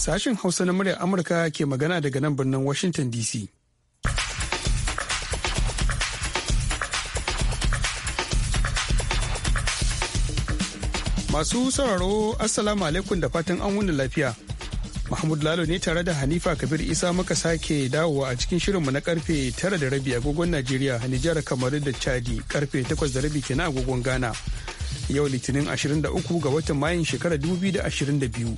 Sashen Hausa na muryar Amurka ke magana daga nan birnin Washington DC. Masu sauraro Assalamu alaikum da fatan an wuni lafiya. Mahmud Lalo ne tare da Hanifa Kabir Isa muka sake dawowa a cikin shirinmu na karfe tara da rabi agogon Najeriya, Nijar, kamar da Chadi karfe 8:30 da rabi kenan agogon Ghana. Yau Litinin 23 ga watan Mayun shekarar 2022.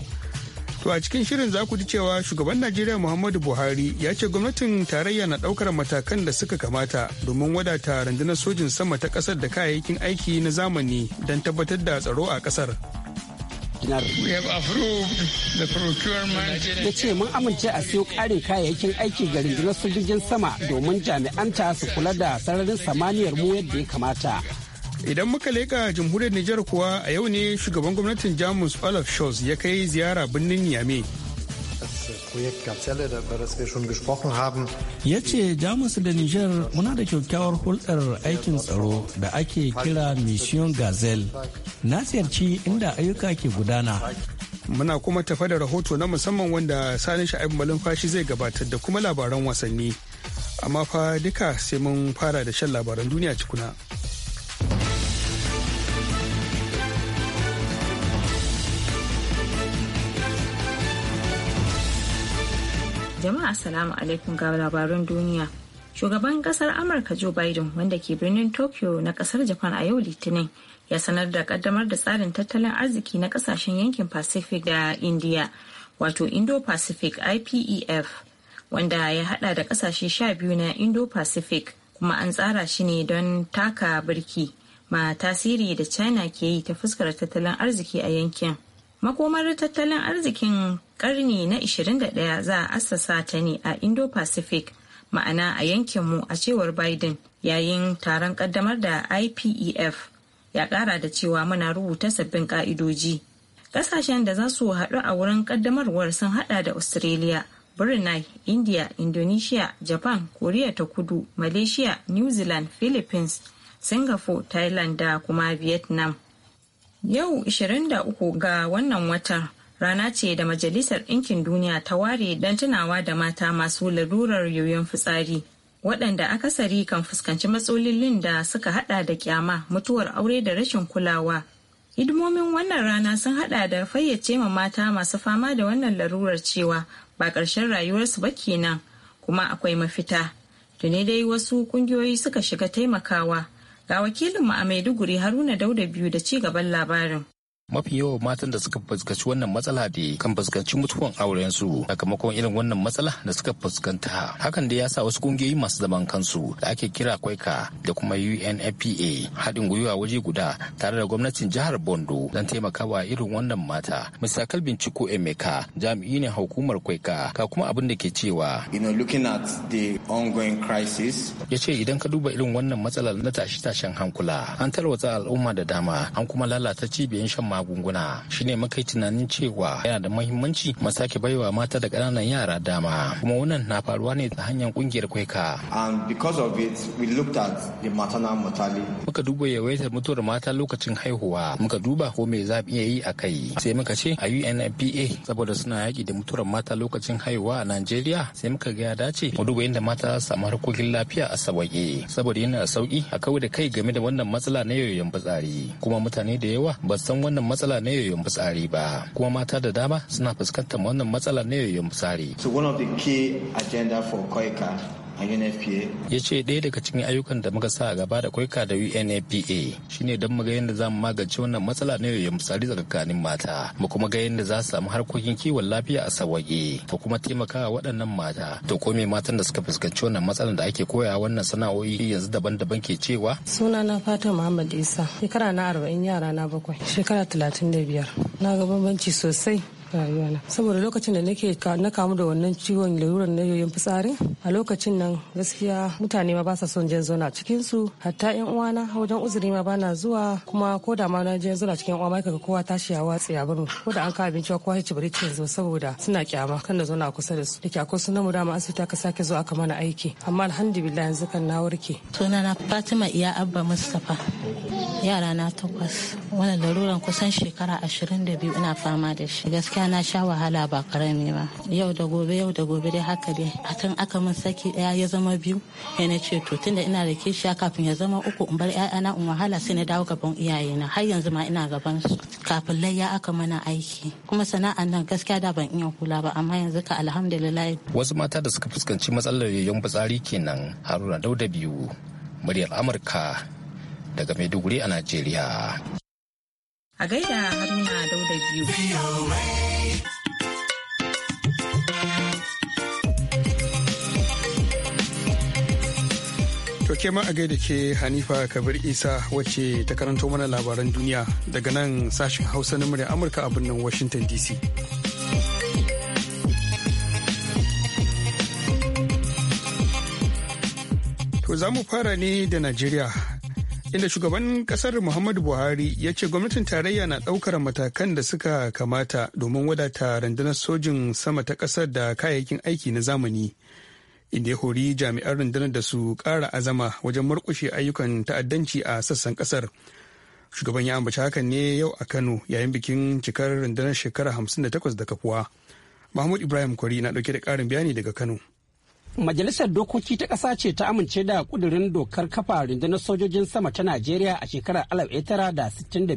To a cikin shirin za ku ji cewa shugaban Najeriya Muhammadu Buhari ya ce gwamnatin tarayya na ɗaukar matakan da suka kamata domin wadata rundunar sojin sama ta ƙasar da kayayyakin aiki na zamani don tabbatar da tsaro a ƙasar. Ya ce mun amince a siyo ƙarin kayayyakin aiki ga rundunar sojojin sama domin jami'anta su kula da sararin samaniyar mu yadda ya kamata. idan muka leƙa jamhuriyar Nijar kuwa a yau ne shugaban gwamnatin Jamus Olaf Scholz ya kai ziyara birnin Niamey. Ya ce Jamus da Nijar muna da kyakkyawar hulɗar aikin tsaro da ake kira Mission Gazelle. Na ziyarci inda ayyuka ke gudana. Muna kuma tafa da rahoto na musamman wanda Sani Sha'ib fashi zai gabatar da kuma labaran wasanni. Amma fa duka sai mun fara da shan labaran duniya cikuna. Jama'a Assalamu alaikum ga labarun duniya. Shugaban kasar Amurka Joe Biden wanda ke birnin Tokyo na kasar Japan a yau Litinin ya sanar da kaddamar da tsarin tattalin arziki na kasashen yankin Pacific da India wato Indo-Pacific IPEF wanda ya hada da kasashe sha biyu na Indo-Pacific kuma an tsara shi ne don taka birki ma tasiri da China ke yi ta fuskar tattalin arziki a yankin. Makomar tattalin arzikin karni na 21 za a assasa ta ne a indo-pacific ma'ana a yankinmu a cewar biden yayin taron kaddamar da ipef ya kara da cewa muna rubuta sabbin ka'idoji kasashen da za su haɗu a wurin kaddamarwar sun haɗa da australia brunei india indonesia japan korea ta kudu malaysia new zealand philippines singapore thailand da kuma vietnam yau 23 ga wannan watan rana ce da Majalisar Ɗinkin Duniya ta ware don tunawa da mata masu larurar yoyon fitsari waɗanda akasari kan fuskanci matsalolin da suka hada da kyama mutuwar aure da rashin kulawa. Hidimomin wannan rana sun hada da fayyace ma mata masu fama da wannan larurar cewa ba ƙarshen rayuwarsu ba kenan kuma akwai mafita. Tuni dai wasu ƙungiyoyi suka shiga taimakawa. Ga wakilinmu a Maiduguri Haruna Dauda biyu da ci gaban labarin. mafi yawan matan da suka fuskanci wannan matsala da kan fuskanci mutuwan aurensu sakamakon irin wannan matsala da suka fuskanta hakan da ya sa wasu kungiyoyi masu zaman kansu da ake kira kwaika da kuma unfpa haɗin gwiwa waje guda tare da gwamnatin jihar bondo don taimakawa irin wannan mata misakal binciko emeka jami'i ne hukumar kwaika ka kuma abin da ke cewa you looking at the ongoing crisis ya ce idan ka duba irin wannan matsalar na tashi-tashen hankula an tarwatsa al'umma da dama an kuma lalata cibiyar shan magunguna shine muka yi tunanin cewa yana da mahimmanci mu sake baiwa mata da ƙananan yara dama kuma wannan na faruwa ne ta hanyar ƙungiyar kwaika and because of it we looked at the maternal mortality muka duba yawaitar mutuwar mata lokacin haihuwa muka duba ko me za iya yi a kai sai muka ce a UNFPA saboda suna yaki da mutuwar mata lokacin haihuwa a Najeriya sai muka ga ya dace mu duba yadda mata za su samu harkokin lafiya a sawaye saboda yana da sauki a kawai da kai game da wannan matsala na yoyon fitsari kuma mutane da yawa ba san wannan wannan matsala na yoyon fitsari ba kuma mata da dama suna fuskantar wannan matsala na yoyon fitsari. So one of the key agenda for Koika UNFPA. Ya ce ɗaya daga cikin ayyukan da muka sa a gaba da kwaika da UNFPA shine don mu ga yadda za mu magance wannan matsala na yoyon misali tsakanin mata mu kuma ga yadda za su samu harkokin kiwon lafiya a sawage ta kuma taimakawa waɗannan mata to ko me matan da suka fuskanci wannan matsalar da ake koya wannan sana'o'i yanzu daban-daban ke cewa. Suna na Fata Muhammad Isa shekara na arba'in yara na bakwai shekara talatin da biyar na ga bambanci sosai rayuwana saboda lokacin da nake na kamu da wannan ciwon laluran na yoyin fitsari a lokacin nan gaskiya mutane ma ba sa son jan zona cikin su hatta yan uwana wajen uzuri ma bana zuwa kuma ko da ma na jan zona cikin uwa ma kowa tashi ya watsi ya baro ko da an ka abinci kowa ya ci bari ci zo saboda suna kyama kan na zona kusa da su da akwai suna mu dama asibiti aka sake zo aka mana aiki amma alhamdulillah yanzu kan na warke sunana Fatima Iya Abba Mustafa yara na takwas wannan laruran kusan shekara 22 ina fama da shi gaskiya gaskiya na sha wahala ba karami ba yau da gobe yau da gobe dai haka dai tun aka min saki daya ya zama biyu ya na ce to tunda ina da kishiya kafin ya zama uku in bar ƴaƴana in wahala sai na dawo gaban iyayena har yanzu ma ina gaban su kafin layya aka mana aiki kuma sana'an nan gaskiya da ban iya kula ba amma yanzu ka alhamdulillah wasu mata da suka fuskanci matsalar yayyan fitsari kenan haruna dauda biyu muryar amurka daga maiduguri a najeriya a gaida haruna dauda biyu. To ke ma a gaida ke Hanifa Kabir Isa wacce ta karanto mana labaran duniya daga nan sashen Hausa na murya Amurka a birnin Washington DC. To za mu fara ne da Najeriya inda shugaban kasar Muhammadu Buhari ya ce gwamnatin tarayya na ɗaukar matakan da suka kamata domin wadata rundunar sojin sama ta ƙasar da kayayyakin aiki na zamani. Inda ya hori jami'an rundunar da su kara azama wajen murkushe ayyukan ta'addanci a sassan kasar Shugaban ya ambaci hakan ne yau a Kano yayin bikin cikar rundunar shekara 58 da kafuwa. Mahmud Ibrahim Kwari na ɗauke da karin bayani daga Kano. Majalisar Dokoki ta ƙasa ce ta amince da ƙudurin dokar kafa rundunar sojojin sama ta Najeriya a shekarar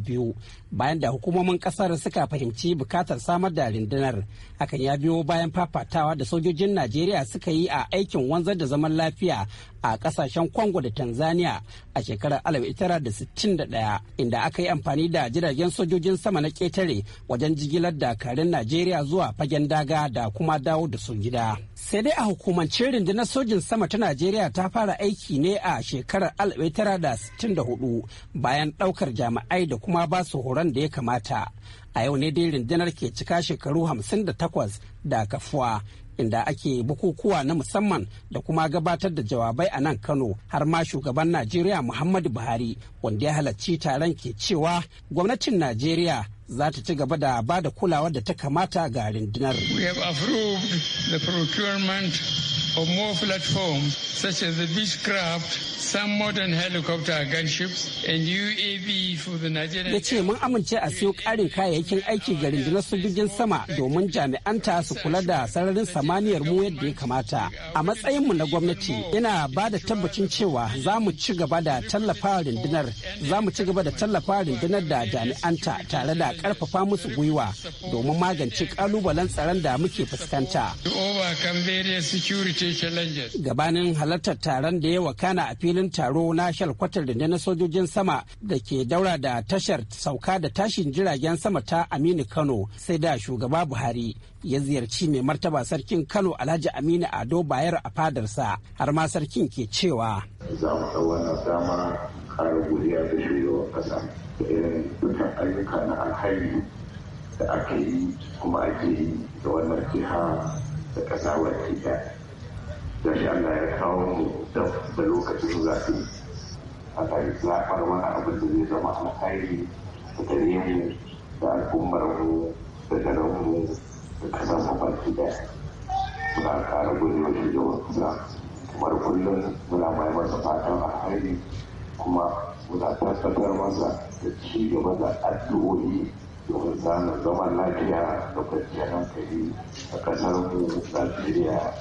biyu. bayan da hukumomin ƙasar suka fahimci bukatar samar da rundunar. Hakan ya biyo bayan fafatawa da sojojin Najeriya suka yi a aikin wanzar da zaman lafiya a ƙasashen kwango da Tanzania a shekarar 1961 inda aka yi amfani da jiragen sojojin sama na ƙetare wajen jigilar da karin Najeriya zuwa fagen daga da kuma dawo da su gida. sai dai a hukumance rundunar sojin sama ta najeriya ta fara aiki ne a shekarar 1964 bayan daukar jami'ai da kuma ba su horon da ya kamata a yau ne dai rundunar ke cika shekaru 58 da kafuwa inda ake bukukuwa na musamman da kuma gabatar da jawabai a nan kano har ma shugaban najeriya muhammadu buhari wanda ya halarci taron ke cewa gwamnatin najeriya za ta ci gaba da ba da kulawar da ta kamata ga rundunar. We have approved the procurement of more platforms such as the craft some modern helicopter gunships and UAV for the Nigerian. Ya ce mun amince a siyo ƙarin kayayyakin aiki ga rundunar sojojin sama domin jami'anta su kula da sararin samaniyar mu yadda ya kamata. A matsayinmu na gwamnati ina ba da tabbacin cewa za mu ci gaba da tallafa rundunar za mu ci gaba da tallafa rundunar da jami'anta tare da ƙarfafa musu gwiwa domin magance ƙalubalen tsaron da muke fuskanta. Gabanin halartar taron da ya Kana a filin filin taro na shal da na sojojin sama da ke daura da tashar sauka da tashin jiragen sama ta aminu kano sai da shugaba buhari ya ziyarci mai martaba sarkin kano alhaji aminu ado bayar a fadarsa har ma sarkin ke cewa za mu ɗau wannan dama da shugaban ƙasa da ayyuka na da aka yi kuma ake yi da wannan jiha da ƙasa baki da shi Allah ya kawo mu da lokacin zafi a tare zaɓar mana abin da zai zama alkhairi da gare mu da al'ummar mu da garin mu da ƙasar mu baki ɗaya muna ƙara gode wa shi da wasu kamar kullum muna mai masa fatan alkhairi kuma muna tabbatar masa da ci gaba da addu'o'i samun zaman lafiya a kasar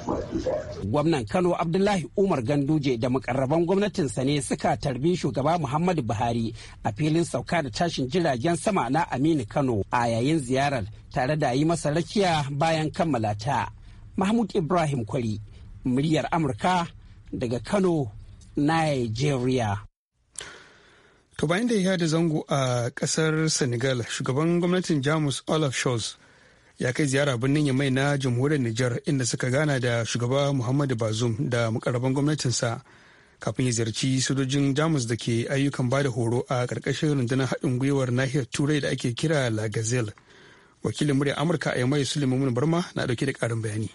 masu Gwamnan Kano Abdullahi Umar Ganduje da makarraban sa ne suka tarbi shugaba Muhammadu Buhari a filin sauka da tashin jiragen sama na Aminu Kano a yayin ziyarar tare da yi masa rakiya bayan kammala ta. Mahmud Ibrahim Kwari, muryar Amurka daga Kano, Nigeria. To bayan da ya da zango a kasar Senegal, shugaban gwamnatin Jamus Olaf Scholz ya kai ziyara birnin Yamai na jamhuriyar Nijar inda suka gana da shugaba Muhammadu Bazoum da mukarraban gwamnatinsa kafin ya ziyarci sojojin Jamus da ke ayyukan bada horo a ƙarƙashin rundunar haɗin gwiwar nahiyar Turai da ake kira La Gazelle. Wakilin murya Amurka a Yamai Suleiman Barma na ɗauke da ƙarin bayani.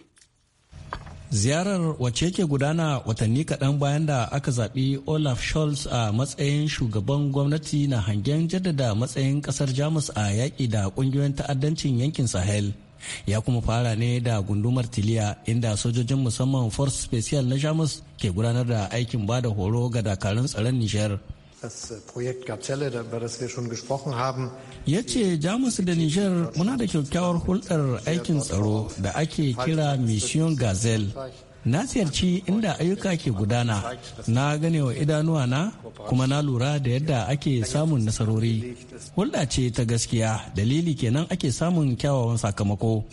ziyarar wacce ke gudana watanni kaɗan bayan da aka zaɓi olaf scholz a matsayin shugaban gwamnati na hangen jaddada matsayin ƙasar jamus a yaƙi da ƙungiyoyin ta'addancin yankin sahel ya kuma fara ne da gundumar tiliya inda sojojin musamman force special na jamus ke gudanar da aikin ba da horo ga dakarun tsaron nishiyar. Das äh, Projekt Gazelle, über das wir schon gesprochen haben. Ya Jamus da Nijar muna da kyakkyawar hulɗar aikin tsaro da ake kira Mission Gazelle. Na ziyarci inda ayyuka ke gudana, na gane wa idanuwa na kuma na lura da yadda ake samun nasarori. Hulɗa ce ta gaskiya, dalili kenan ake samun kyawawan sakamako.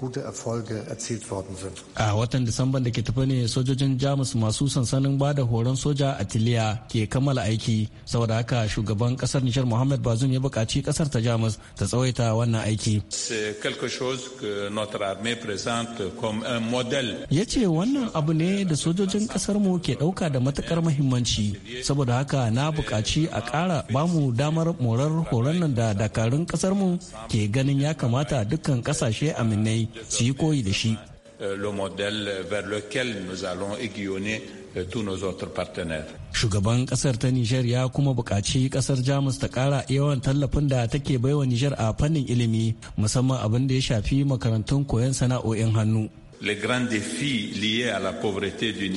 gute Erfolge erzielt worden sind. A watan Disamban da ke tafi ne sojojin Jamus masu sansanin bada horon soja a Tiliya ke kammala aiki saboda haka shugaban kasar Nijar Mohammed Bazoum ya buƙaci kasar ta Jamus ta tsawaita wannan aiki. Ya ce wannan abu ne da sojojin kasar mu ke ɗauka da matuƙar muhimmanci saboda haka na buƙaci a ƙara bamu damar morar horon nan da dakarun kasar mu ke ganin ya kamata dukkan kasashe aminai su yi koyi da shi Shugaban kasar ta Nijar ya kuma buƙaci kasar Jamus ta ƙara yawan tallafin da take baiwa Nijar a fannin ilimi musamman abin da ya shafi makarantun koyon sana'o'in hannu. le à la pauvreté du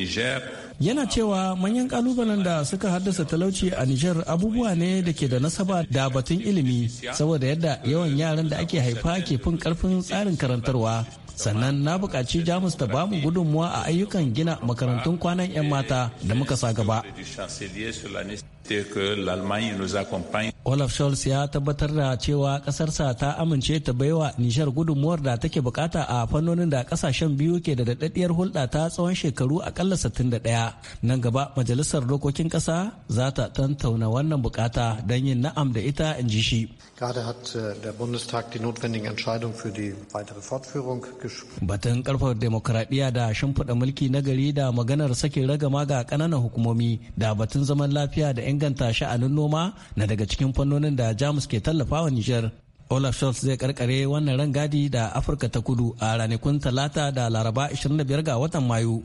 Yana cewa manyan kalubalen da suka haddasa talauci a Nijar abubuwa ne da ke da nasaba da batun ilimi saboda yadda yawan yaran da ake haifa ke fin karfin tsarin karantarwa. Sannan na bukaci Jamus ta bamu gudunmuwa a ayyukan gina makarantun kwanan 'yan mata da muka sa gaba. Olaf Scholz ya tabbatar da cewa ƙasarsa ta amince ta baiwa Nijar gudunmuwar da take bukata a fannonin da kasashen biyu ke da daɗaɗɗiyar hulɗa ta tsawon shekaru a akalla 61. Nan gaba Majalisar Dokokin Ƙasa za ta tantauna wannan bukata don yin na'am da ita in ji shi. Batun ƙarfafa demokuraɗiyya da shimfiɗa mulki na gari da maganar sake ragama ga ƙananan hukumomi da batun zaman lafiya da 'yan inganta sha'anin noma na daga cikin fannonin da jamus ke tallafawa nijar olaf scholz zai karkare wannan rangadi da afirka ta kudu a ranakun talata da laraba 25 ga watan mayu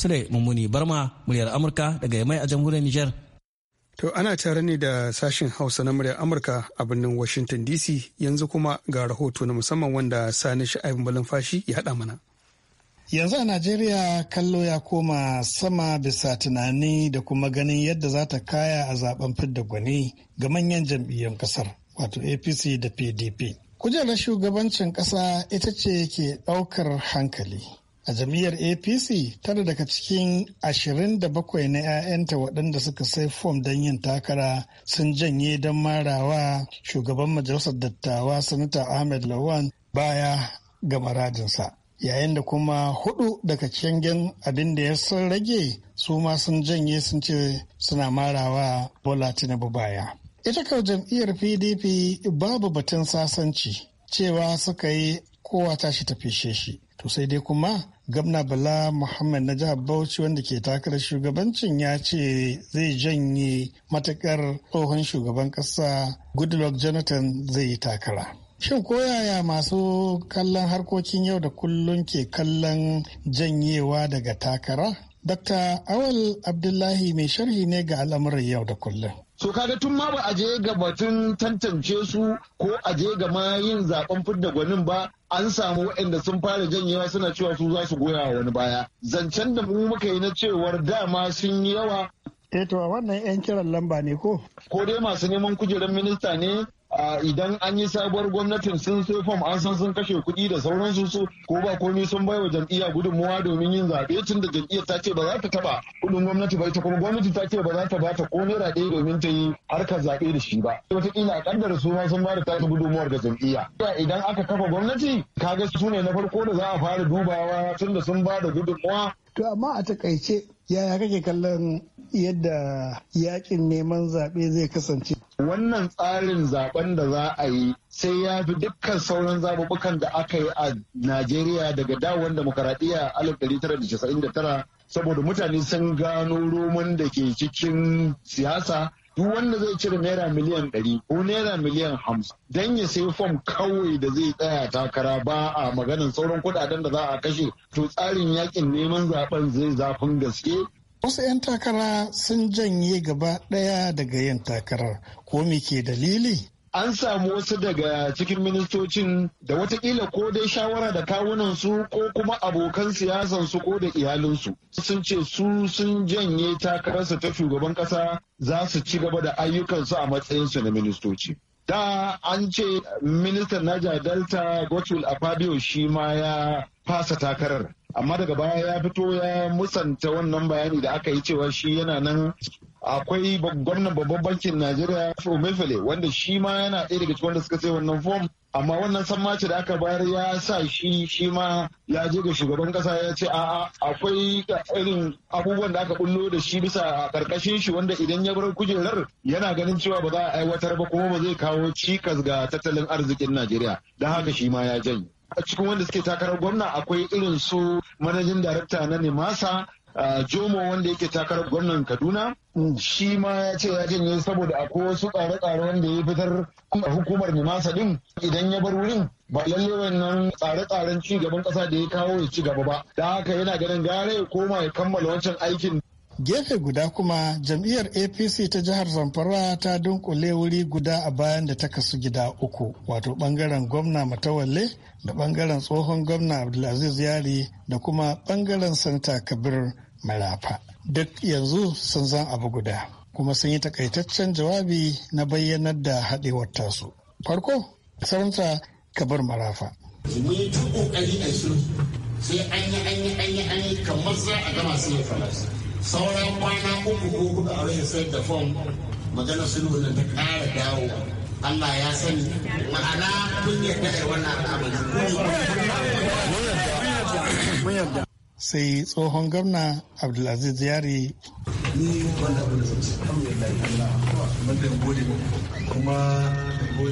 sule mummuni barma muryar amurka daga yamai a jamhuriyar nijar to ana tare ne da sashen hausa na muryar amurka a birnin washington dc yanzu kuma ga rahoto na musamman wanda sani sha'ib malumfashi ya haɗa mana yanzu a najeriya kallo ya koma sama bisa tunani da kuma ganin yadda za ta kaya a zaben fidda gwani ga manyan jam'iyyar kasar wato apc da pdp kujerar shugabancin kasa ita ce ke daukar hankali a jam'iyyar apc tana daga cikin 27 na 'ya'yanta waɗanda suka sai fom don yin takara sun janye don marawa shugaban majalisar dattawa sanata ahmed lawan baya ga maradinsa yayin da kuma hudu daga cikin abin da ya sun rage su ma sun janye sun ce suna marawa bola tinubu baya ita kawai jam'iyyar pdp babu batun sasanci cewa suka yi kowa tashi tafishe tafi shi to sai dai kuma Gamna bala muhammad na jihar bauchi wanda ke takarar shugabancin ya ce zai janye matakar tsohon shugaban kasa goodluck jonathan zai yi takara Shin koyaya masu kallon harkokin yau da kullun ke kallon janyewa daga takara? Dr. Awal Abdullahi mai sharhi ne ga al'amuran yau da kullum. So kaga tun ma ba a je ga batun tantance su ko a je ga ma yin zaben fidda gwanin ba an samu waɗanda sun fara janyewa suna cewa su za su goya wani baya. Zancen da mu muka yi na cewar dama sun yi yawa Eto eh to wannan 'yan kiran lamba ne ko? Ko dai masu neman kujerar minista ne idan an yi sabuwar gwamnatin sun sai fom an san sun kashe kuɗi da sauransu su ko ba komai sun bai wa jam'iyya gudunmuwa domin yin zaɓe tun da jam'iyyar ta ce ba za ta taɓa kuɗin gwamnati ba ita kuma gwamnati ta ce ba za ta ba ta ko naira ɗaya domin ta yi harkar zaɓe da shi ba wataƙila a ƙaddara su ma sun ba da tasu gudunmuwar ga jam'iyya idan aka kafa gwamnati kaga su ne na farko da za a fara dubawa tun da sun ba da gudunmuwa To amma a takaice yaya kake kallon yadda yakin neman zaɓe zai kasance. Wannan tsarin zaɓen da za a yi sai ya fi dukkan sauran zaɓuɓɓukan da aka yi a Najeriya daga dawon demokaradiyya 1999 saboda mutane sun gano roman da ke cikin siyasa duk wanda zai cire naira miliyan ɗari ko naira miliyan hamsin don ya sayi fom kawai da zai tsaya takara ba a maganin sauran kuɗaɗen da za a kashe to tsarin yakin neman zaben zai zafin gaske Wasu 'yan takara sun janye gaba ɗaya daga yin takarar, ko me ke dalili? An samu wasu daga cikin ministocin da watakila ko dai shawara da kawunansu ko kuma abokan siyasansu ko da iyalinsu. Sun ce su sun janye takararsa ta shugaban ƙasa za su ci gaba da ayyukansu a matsayinsu na ministoci. Da an ce ministan Naja Delta Gotul Afabio shi ma ya fasa takarar. amma daga baya ya fito ya musanta wannan bayani da aka yi cewa shi yana nan akwai gwamnan babban bankin najeriya mefele wanda shi ma yana ɗaya daga cikin wanda suka sai wannan fom amma wannan sammaci da aka bayar ya sa shi shi ma ya je ga shugaban kasa ya ce a'a akwai irin abubuwan da aka bullo da shi bisa a karkashin shi wanda idan ya bar kujerar yana ganin cewa ba za a aiwatar ba kuma ba zai kawo cikas ga tattalin arzikin najeriya don haka shi ma ya janye a cikin wanda suke takarar gwamna akwai irin su manajin darakta na nemasa jomo wanda yake takarar gwamnan kaduna mm. shi ma ya ce ya janye saboda akwai wasu tsare-tsare wanda ya fitar hukumar nemasa din idan ya bar wurin ba lalle wannan tsare-tsaren ci gaban kasa da ya kawo ya ci gaba ba da haka yana ganin gare ya koma ya kammala wancan aikin gefe guda kuma jam'iyyar apc ta jihar zamfara ta dunkule wuri guda a bayan da ta kasu gida uku wato bangaren gwamna matawalle da bangaren tsohon gwamna abdulaziz yari da kuma bangaren santa kabir marafa duk yanzu sun zan abu guda kuma sun yi takaitaccen jawabi na bayyanar da haɗewar tasu farko santa kabir marafa yi sai an yi an yi an yi kamar za a gama sai ya sauran kwana uku ko hudu a rashin sayar da fom magana sulhu na ta kara dawo Allah ya sani ma'ana kun yadda da wannan al'amari mun sai tsohon gwamna abdulaziz yari ni wanda abin da Allah da gode kuma ya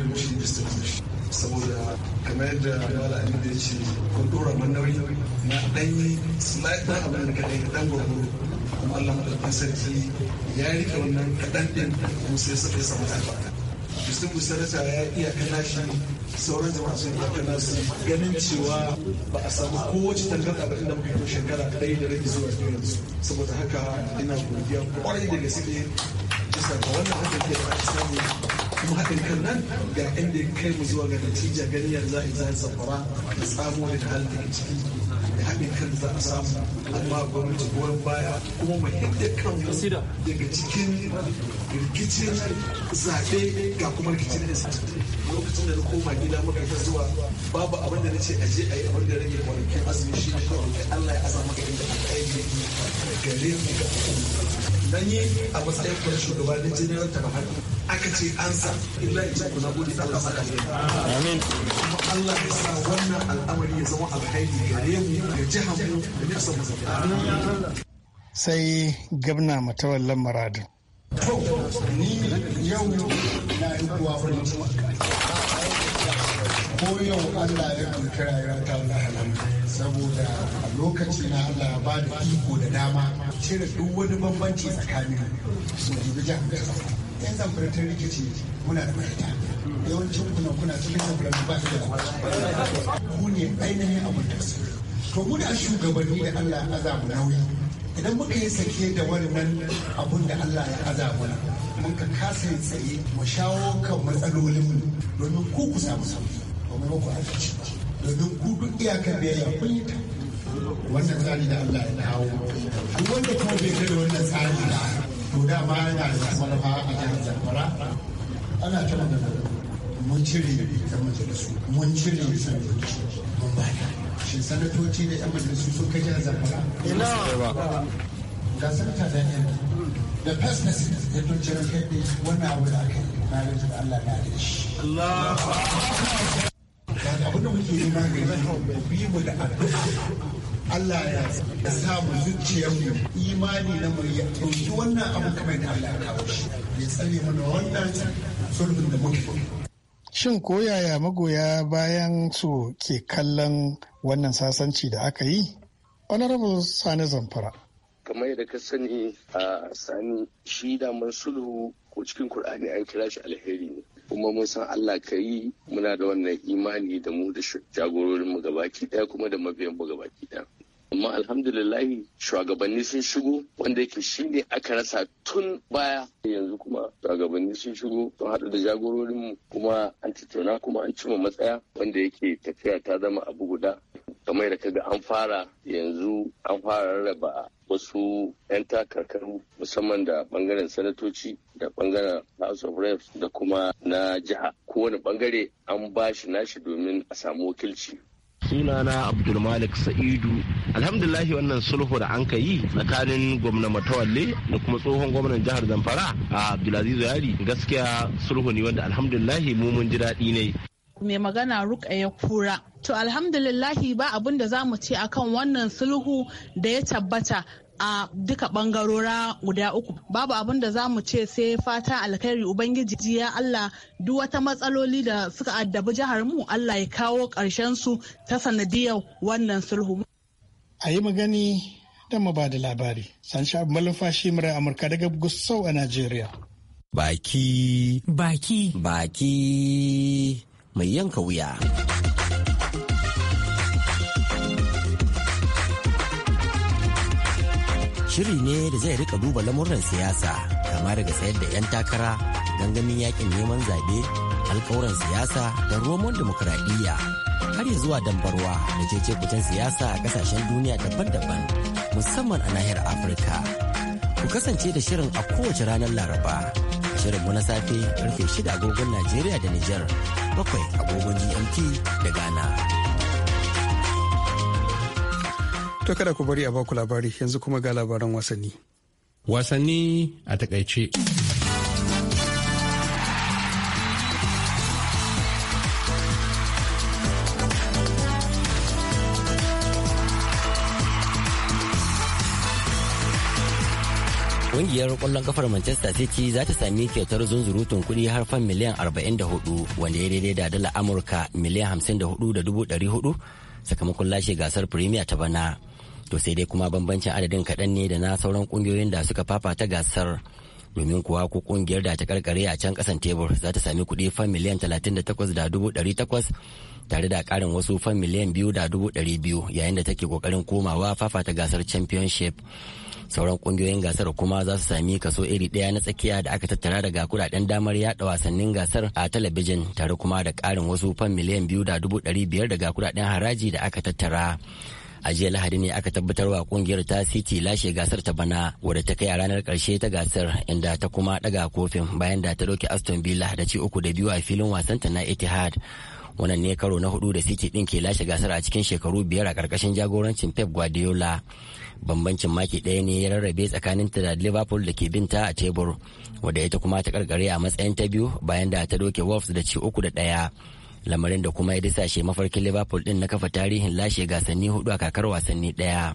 ce kun nauyi na dan yi slide abin da kadai dan kadan din kuma sai samu sun busarata ya iya kana shi sauran jama'a sun iya kana su ganin cewa ba a samu kowace tangarɗa ba inda muka yi shekara ɗaya da rage zuwa yanzu saboda haka ina godiya kwarai da gaske bisa ga wannan hakan ke da aka samu kuma haɗin kan nan ga inda ya kai mu zuwa ga natija gani yanzu a izan safara da tsamo da ta halin da ciki da haɗin kan za a samu amma gwamnati goyon baya kuma mu hidda kan daga cikin rikicin zaɓe ga kuma rikicin da lokacin da na koma gida muka ta zuwa babu abin da na ce aje a yi abin da rage kwanakin azumi shi ne kawai Allah ya aza maka inda aka yi gare mu ga na yi a matsayin kuwa shugaba na general tabahar aka ce an sa illa ya ce ku na gode Allah saka ne amin kuma Allah ya sa wannan al'amari ya zama alkhairi gare mu ga jihar mu da nisa mu sai gabna matawallan maradin to ni yau na yi kuwa wani ko yau Allah ya ɗauki rayuwata Allah halama saboda a lokaci na Allah ba da iko da dama cire duk wani bambanci tsakanin mu jibi jihar yan zamfara ta rikici muna da mahita yawancin kuna kuna cikin zamfara ba ta da ku ne ainihin abin da su to muna shugabanni da Allah ya azabu nauyi idan muka yi sake da wannan abun da Allah ya azabu mun ka kasa yin tsaye mu shawo kan matsalolinmu domin ku kusa mu sauki kuma muku arziki domin ku duk iyakar biyayya kun yi ta wannan tsari da Allah ya kawo duk wanda kuma bai kai wannan tsari da to dama yana da manufa a jihar Zamfara ana ta magana mun cire yan majalisu mun cire sanatoci mun ba bada shin sanatoci da yan majalisu sun kai jihar Zamfara Ina. ga sanata da yan da first president ya tunce kai wannan abu da aka yi na rajin Allah na da shi da muke yi magani bi mu da al'adu. Allah ya sa mu zuciyar mu imani na mu ya ɗauki wannan abu kamar da Allah ya kawo shi ya tsare mana wannan sulhun da muke Shin ko yaya magoya bayan su ke kallon wannan sasanci da aka yi? Honorable Sani Zamfara. Kamar yadda ka sani a Sani shi damar sulhu ko cikin Kur'ani an kira shi alheri ne. kuma mun san Allah ka yi muna da wannan imani da mu da jagororin mu gabaki daya kuma da mabiyan mu gabaki daya amma alhamdulillahi shugabanni sun shigo wanda yake shine aka rasa tun baya yanzu kuma shugabanni sun shigo sun haɗu da jagororin mu kuma an tattauna kuma an cima matsaya wanda yake tafiya ta zama abu guda kamar da kaga an fara yanzu an fara rarraba wasu 'yan takarkaru musamman da bangaren sanatoci da bangaren house of reps da kuma na jiha kowane bangare an ba shi nashi domin a samu wakilci sunana abdulmalik sa'idu alhamdulahi wannan sulhu da an ka yi tsakanin gwamna matawalle da kuma tsohon gwamnan jihar zamfara a abdulaziz yari gaskiya sulhu ne wanda alhamdulahi mu mun ji daɗi ne mai magana ya kura to alhamdulillahi ba abin da za mu ce akan wannan sulhu da ya tabbata a duka bangarora guda uku babu abin da za mu ce sai fata alkhairi ubangiji ya Allah duk wata matsaloli da suka addabi jihar mu Allah ya kawo ƙarshen su ta sanadiyar wannan sulhu a yi magani da ba da labari sansha malumfashi murar amurka daga gusau a najeriya baki baki baki mai yanka wuya. Shiri ne da zai rika duba lamuran siyasa kama daga sayar da 'yan takara gangamin yakin neman zaɓe alkawuran siyasa da romon demokuraɗiyya har ya zuwa dambarwa da cece kucin siyasa a kasashen duniya daban-daban musamman a nahiyar afirka ku kasance da shirin a kowace ranar laraba mu na safe karfe 6 agogon Najeriya da Nijar, bakwai agogon GMT da Ghana. To kada ku bari a baku labari yanzu kuma ga labaran wasanni. Wasanni a takaice. Kungiyar kwallon kafar Manchester City za ta sami kyautar zunzurutun kuɗi har fan miliyan 44 wanda ya daidai da dala Amurka miliyan 54,400 sakamakon lashe gasar Premier ta bana. To sai dai kuma bambancin adadin kaɗan ne da na sauran kungiyoyin da suka fafata gasar. domin kuwa ko kungiyar da ta karkare a can kasan tebur za ta sami kuɗi fan miliyan 38,800 tare da karin wasu fan miliyan 2,200 yayin da take kokarin komawa fafata gasar championship sauran kungiyoyin gasar kuma za su sami kaso iri ɗaya na tsakiya da aka tattara daga kudaden damar yada wasannin gasar a talabijin tare kuma da ƙarin wasu fan miliyan biyu da dubu ɗari biyar daga kudaden haraji da aka tattara a jiya lahadi ne aka tabbatar wa kungiyar ta city lashe gasar ta bana wadda ta kai a ranar karshe ta gasar inda ta kuma daga kofin bayan da ta doke aston villa da ci uku da biyu a filin wasanta na etihad wannan ne karo na hudu da city din ke lashe gasar a cikin shekaru biyar a karkashin jagorancin pep guardiola bambancin maki ɗaya ne ya rarrabe tsakanin ta da liverpool da ke binta a tebur wadda ita kuma ta karkare a matsayin ta biyu bayan da ta doke wolves da ci uku da ɗaya lamarin da kuma ya disashe mafarkin liverpool din na kafa tarihin lashe gasanni hudu a kakar wasanni ɗaya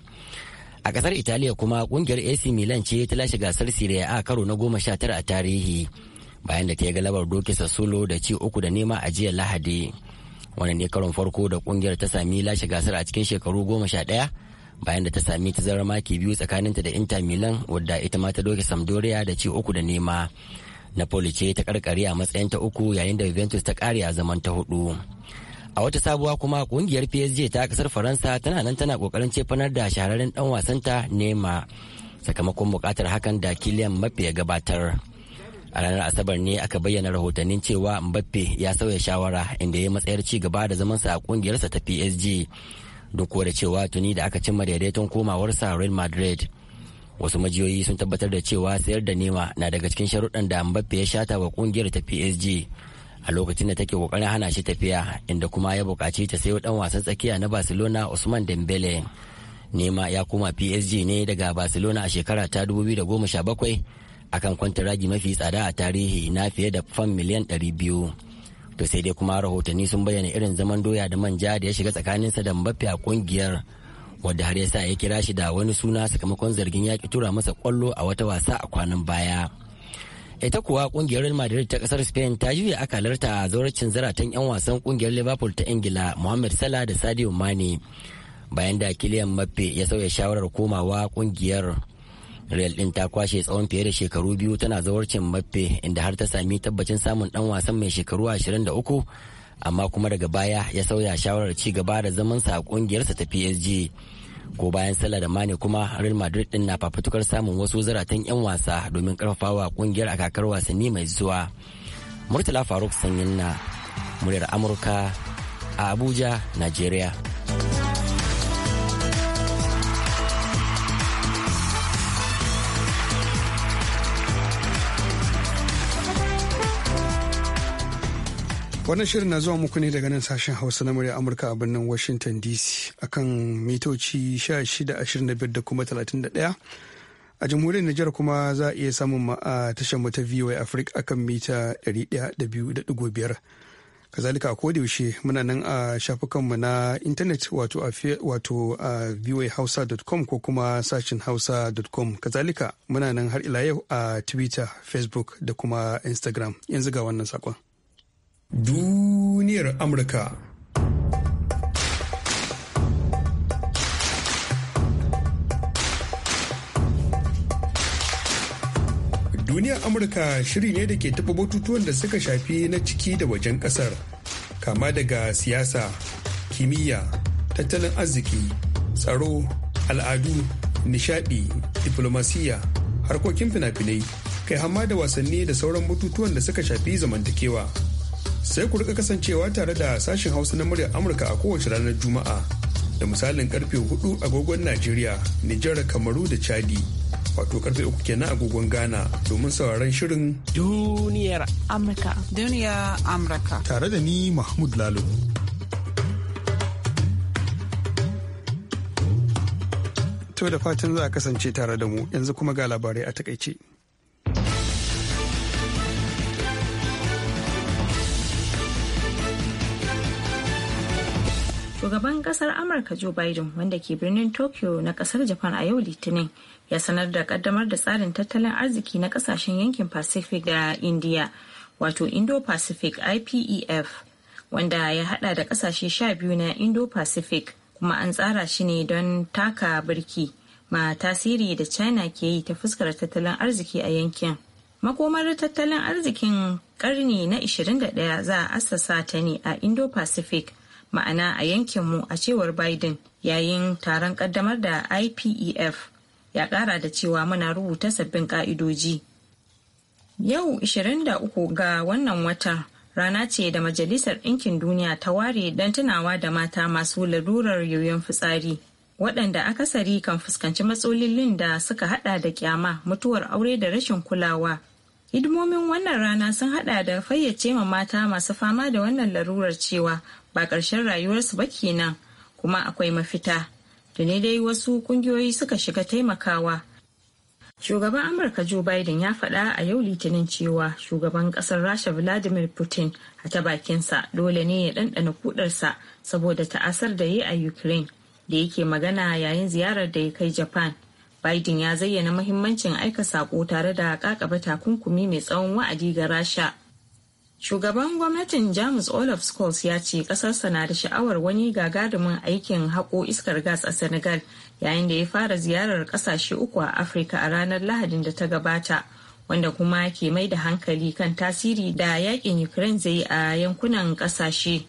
a kasar italiya kuma kungiyar ac milan ce ta lashe gasar serie a karo na goma sha tara a tarihi bayan da ta yi galabar doki solo da ci uku da nema a jiya lahadi wani ne karon farko da kungiyar ta sami lashe gasar a cikin shekaru goma sha ɗaya bayan da ta sami tazarar maki biyu tsakaninta da inter milan wadda ita ma ta doke sampdoria da ci uku da nema napoli ce ta karkare a matsayin ta uku yayin da juventus ta kare a zaman ta hudu a wata sabuwa kuma kungiyar psg ta kasar faransa tana nan tana kokarin cefanar da shahararren dan wasanta nema sakamakon bukatar hakan da kiliyan mafi gabatar a ranar asabar ne aka bayyana rahotannin cewa mbappe ya sauya shawara inda ya matsayar ci gaba da zaman sa a kungiyarsa ta psg duk da cewa tuni da aka cimma daidaiton komawarsa real madrid wasu majiyoyi sun tabbatar da cewa sayar da nema na daga cikin sharuɗan da mbappe ya shata wa kungiyar ta psg a lokacin da take kokarin hana shi tafiya inda kuma ya buƙaci ta sayo dan wasan tsakiya na barcelona usman dembele nema ya koma psg ne daga barcelona a shekara ta 2017 akan kwanta raji mafi tsada a tarihi na fiye da fam miliyan 200 to sai dai kuma rahotanni sun bayyana irin zaman doya da manja da ya shiga tsakaninsa da mafi a kungiyar wadda har ya sa ya kira shi da wani suna sakamakon zargin ya tura masa kwallo a wata wasa a kwanan baya ita kuwa kungiyar Real Madrid ta kasar Spain ta juya akalarta a zauracin zaratan 'yan wasan kungiyar Liverpool ta Ingila Mohamed Salah da Sadio Mane bayan da Kylian Mbappe ya sauya shawarar komawa kungiyar real din ta kwashe tsawon fiye da shekaru biyu tana zawarcin maffe inda har ta sami tabbacin samun dan wasan mai shekaru 23 amma kuma daga baya ya sauya shawarar ci gaba da zaman a kungiyarsa ta psg ko bayan sallah da mane kuma real madrid din na fafutukar samun wasu zaratan 'yan wasa domin karfafawa kungiyar a kakar wasanni mai zuwa murtala faruk sanyin na muryar amurka a abuja nigeria Wannan shirin na zuwa muku ne daga nan sashen Hausa na murya Amurka a birnin Washington DC akan mitoci 1625 da kuma 31. A jamhuriyar Nijar kuma za a iya samun ma tashar mu ta VOA Africa akan mita biyar Kazalika a yaushe muna nan a shafukanmu na intanet wato a voahausa.com ko kuma sashen hausa.com. Kazalika muna nan har ila yau a Twitter, Facebook da kuma Instagram. Yanzu ga wannan sakon. duniyar Amurka. Duniyar Amurka shiri ne da ke taɓa batutuwan da suka shafi na ciki da wajen ƙasar, kama daga siyasa, kimiyya, tattalin arziki, tsaro, al'adu, nishaɗi, diflomasiyya, harkokin fina-finai, kai hamma da wasanni da sauran batutuwan da suka shafi zamantakewa. sai ku rika kasancewa tare da sashen hausa na muryar amurka a kowace ranar juma'a da misalin karfe 4 agogon najeriya nijar kamaru da chadi wato karfe 3 kenan agogon ghana domin sauraron shirin duniyar amurka duniyar amurka tare da ni mahmud lalo to da fatan za a kasance tare da mu yanzu kuma ga labarai a takaice. shugaban kasar amurka joe biden wanda ke birnin tokyo na kasar japan a yau litinin ya sanar da kaddamar da tsarin tattalin arziki na kasashen yankin pacific da india wato indo-pacific ipef wanda ya hada da kasashe sha biyu na indo-pacific kuma an tsara shi ne don taka birki ma tasiri da china ke yi ta fuskar tattalin arziki a yankin makomar tattalin arzikin karni na 21 za a assasa ta ne a indo-pacific ma'ana a yankinmu a cewar biden yayin taron kaddamar da ipef ya kara da cewa muna rubuta sabbin ka'idoji yau 23 ga wannan wata rana ce da majalisar ɗinkin duniya ta ware don tunawa da mata masu larurar yoyon fitsari waɗanda akasari kan fuskanci matsalolin da suka hada da kyama mutuwar aure da rashin kulawa hidimomin wannan rana sun hada da fayyace ma mata masu fama da wannan larurar cewa ba ƙarshen rayuwarsu ba kenan kuma akwai mafita ne dai wasu ƙungiyoyi suka shiga taimakawa shugaban amurka joe biden ya faɗa a yau litinin cewa shugaban ƙasar rasha vladimir putin a ta bakinsa dole ne ya ɗanɗana kudarsa saboda ta'asar da ya yi a ukraine da yake magana yayin ziyarar da ya kai japan biden ya zayyana mahimmancin aika sako tare da kakaba takunkumi mai tsawon wa'adi ga rasha Shugaban gwamnatin Jamus Olaf Scholz ya ce kasarsa na da sha'awar wani gagarumin aikin haƙo iskar gas a Senegal yayin da ya fara ziyarar ƙasashe uku a Afirka a ranar Lahadin da ta gabata, wanda kuma ke mai da hankali kan tasiri da yakin Ukraine zai a yankunan ƙasashe.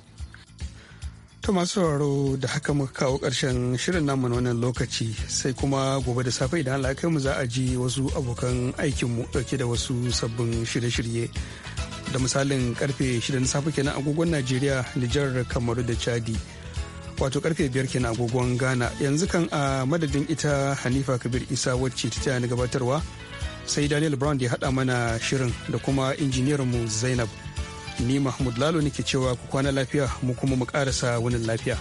ta masu sauraro da haka muka kawo ƙarshen shirin namu na wannan lokaci sai kuma gobe da safe idan Allah mu za a ji wasu abokan aikinmu ɗauke da wasu sabbin shirye-shirye. da misalin karfe 6 na safe kenan agogon Najeriya, Nijar, Kamaru da Chadi. Wato karfe 5 kenan agogon Ghana. Yanzu kan a madadin ita Hanifa Kabir Isa wacce ta tana gabatarwa sai Daniel Brown da ya haɗa mana shirin da kuma mu Zainab. Ni Mahmud Lalo nake cewa ku kwana lafiya mu kuma mu ƙarasa wani lafiya.